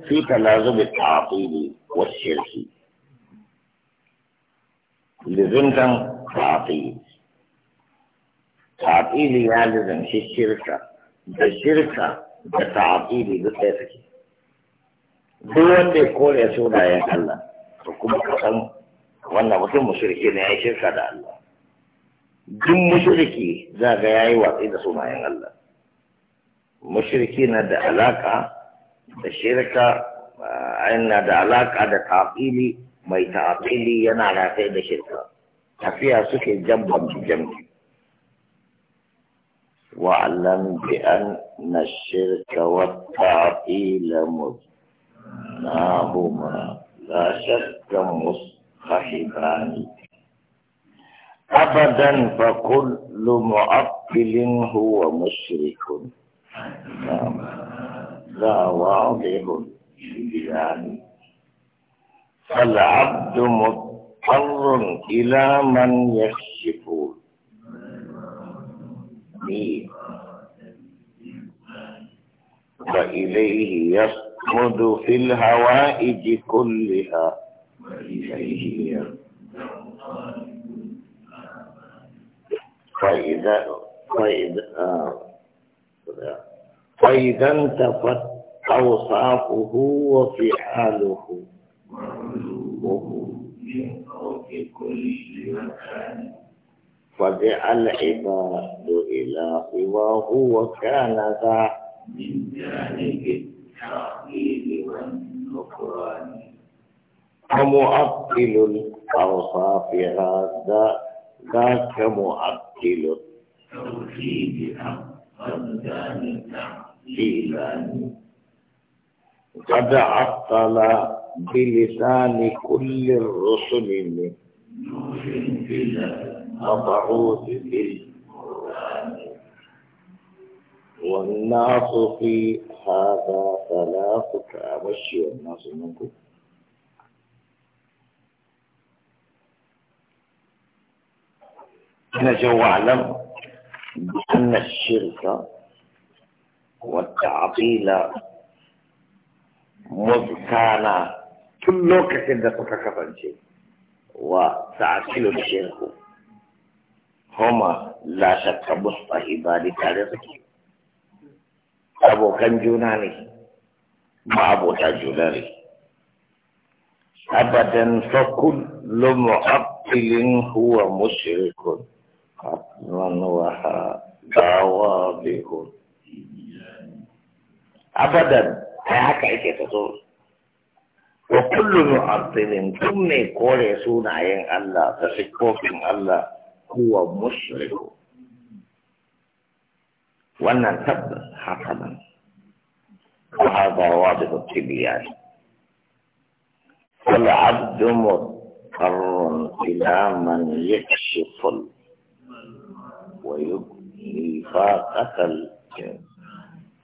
في تلازم التعطيل والشرك لزمتا تعطيل تعطيل يا لزم في الشركة ده الشركة ده تعطيل بتاعتك دون دي كل يسوع يا الله وكم قسم وانا mutum مشركين ne شركة دا الله da مشركي duk mushriki za ga yayi الله مشركين دا علاقة الشركة عندنا آه، دعلاك على تعطيلي ما يتعطيلي ينا على سيد الشركة ففيها سكي جنبا بجنبي واعلم بأن الشرك والتعقيل مضناهما لا شك مصحبان أبدا فكل معطل هو مشرك نعم هذا واضح للجيران فالعبد مضطر إلى من يكشف فإليه يصمد في الهوائج كلها وإليه فإذا فإذا آه. فإذا انتفت أوصافه وفعاله كل مكان فدع العباد إلى سواه وكان ذا من جانب التعقيد والنكران ومؤكل الأوصاف هذا ذاك مؤكل التوحيد أفضل ذلك لساني قد عطل بلسان كل الرسل من مبعوث بالقرآن والناس في هذا ثلاثة أمشي والناس منكم أنا جو أعلم أن الشرك والتعطيل مبتانا كل لوكة دقوك كفنشي وتعطيل الشرك هما لا شك مصطهبان تاريخ أبو كان جوناني ما أبو كان جوناني أبدا فكل معطل هو مشرك قتلا وها دعوى بهم abadan ai haka yake ta so wa kullu mu'attilin duk mai kore sunayen Allah da siffofin Allah huwa mushriku wannan tabbas haka nan ko hada wa da tibiyan wal abdu mutarrun ila man yakshifu wa yubni faqatal jinn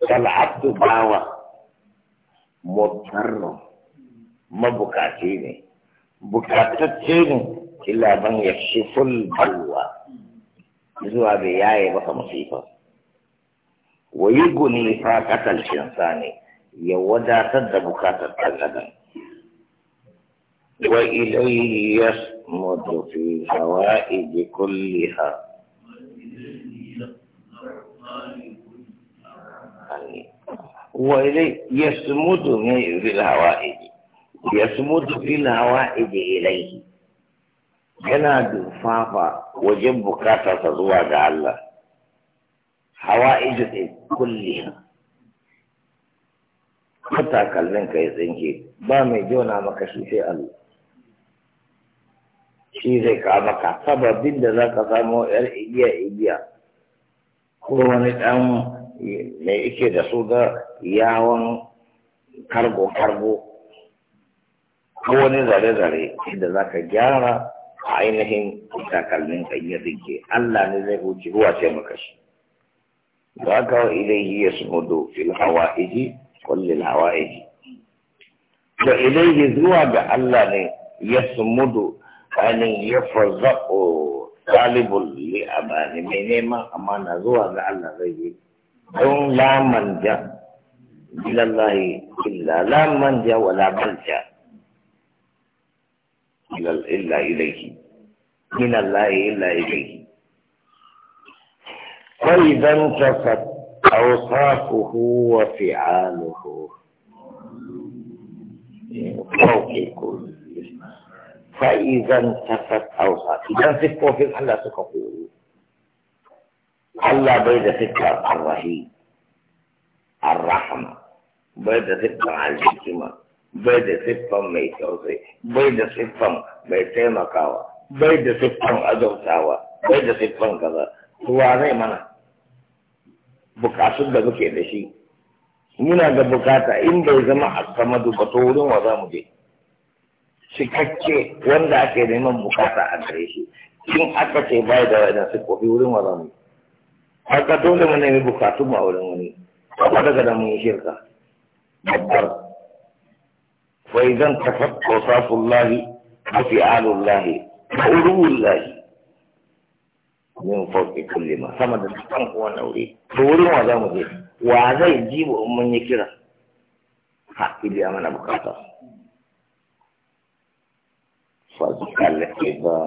كالعبد باوى مضطر ما مبكاتين بكاتتين إلا من يكشف البلوى زوا بياي بقى مصيبة ويغني فاقة الإنسان يودا تد بكاتة الأدم وإليه يصمد في هوائج كلها وإليه يسمد في الهوائج يسمد في الهوائج إليه yana dufafa wajen bukatarsa zuwa ga Allah hawa ne ɗin kulli ko takalmin ka ya tsinke ba mai jona maka shi sai Allah shi zai ka maka sababin da za ka samu yar igiya igiya ko wani ɗan me yake da su ga yawon kargo-kargo ko wani zare-zare inda za ka gyara a ainihin takalmin kanyar rike Allah ne zai wuce, ruwa ce maka shi za ka wa yi ya sumudu fil hawa iji kullil hawa iji da yi zuwa ga Allah ne ya sumudu ainihin ya o talibul li'amani mai neman amana zuwa ga Allah zai yi don la manja ilallahi illa la manja wala manja illa ilaihi minallahi illa ilaihi فإذا انتفت أوصافه وفعاله فوق كل فإذا انتفت أوصافه إذا انتفت في الله سكفوه Allah bai da siffar arrahi arrahama bai da siffar alhikima bai da siffar mai tausayi bai da siffar mai taimakawa bai da siffar azabtawa bai da siffar kaza ruwa zai mana bukatun da muke da shi muna da bukata in bai zama a sama duka to wurin wa za mu je cikakke wanda ake neman bukata a gare shi in aka ce bai da wajen siffofi wurin wa za mu je haka dole mu nemi bukatu mu a wurin wani kuma daga da mun shirka babbar wa idan tafatta safullahi wa fi'alullahi wa ulullahi min fawqi kulli ma sama da dukkan kuwa naure to wurin wa za mu je wa zai ji wa in mun yi kira ha biya mana bukata fa zikalla idza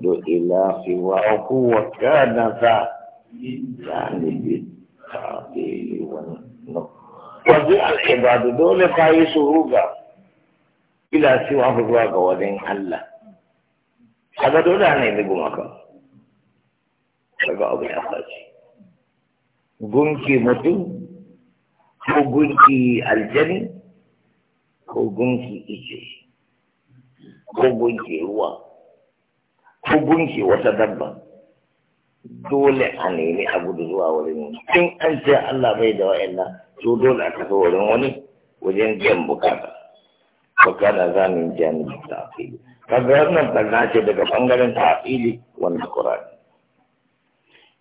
do ila fi wa huwa kana za jaani bi taabe al'ibadu dole ka yi suruga ila si wa ruwa ga wajen Allah. Kaga dole ana yi gumaka. maka. ya faci. Gunki mutum ko gunki aljani ko gunki ice ko gunki ruwa ko gunki wata dabba. dole a nemi abu da zuwa wurin wani in an ce Allah bai da wa'annan to dole a tafi wurin wani wajen biyan bukata bukata za mu yi jami jami'in ta'afili kaga wannan tsarna ce daga bangaren ta'afili wanda kurani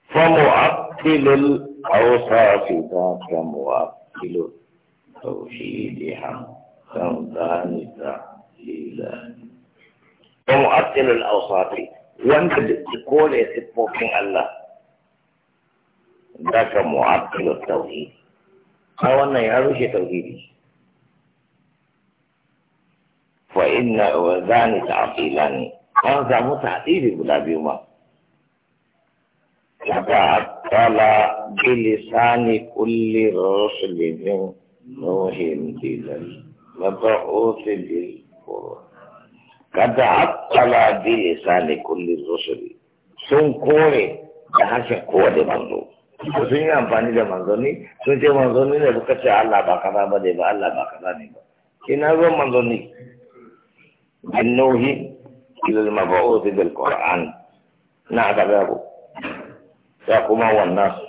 فمعطل الأوصاف ذاك معطل توحيدها سمدان تعليلا فمعطل الأوصاف wanda da kore siffofin Allah za ka mu'abdilu tauhidi a wannan ya rushe tauhidi fa inna wa zani ta'qilani an samu ta'dili guda biyu ma Kata atala bilisani kulli rusulin nuhin dilal mab'uth bil qur'an kada haƙƙala bi ni kulli rusuli sun kore da harshen kowane manzo sun yi amfani da manzoni sun ce manzoni ne baka ce Allah ba kaza ba ne ba Allah ba kaza ne ba ina zo manzoni bin nuhi ila al-mab'uth bil qur'an na ga babu ya kuma wannan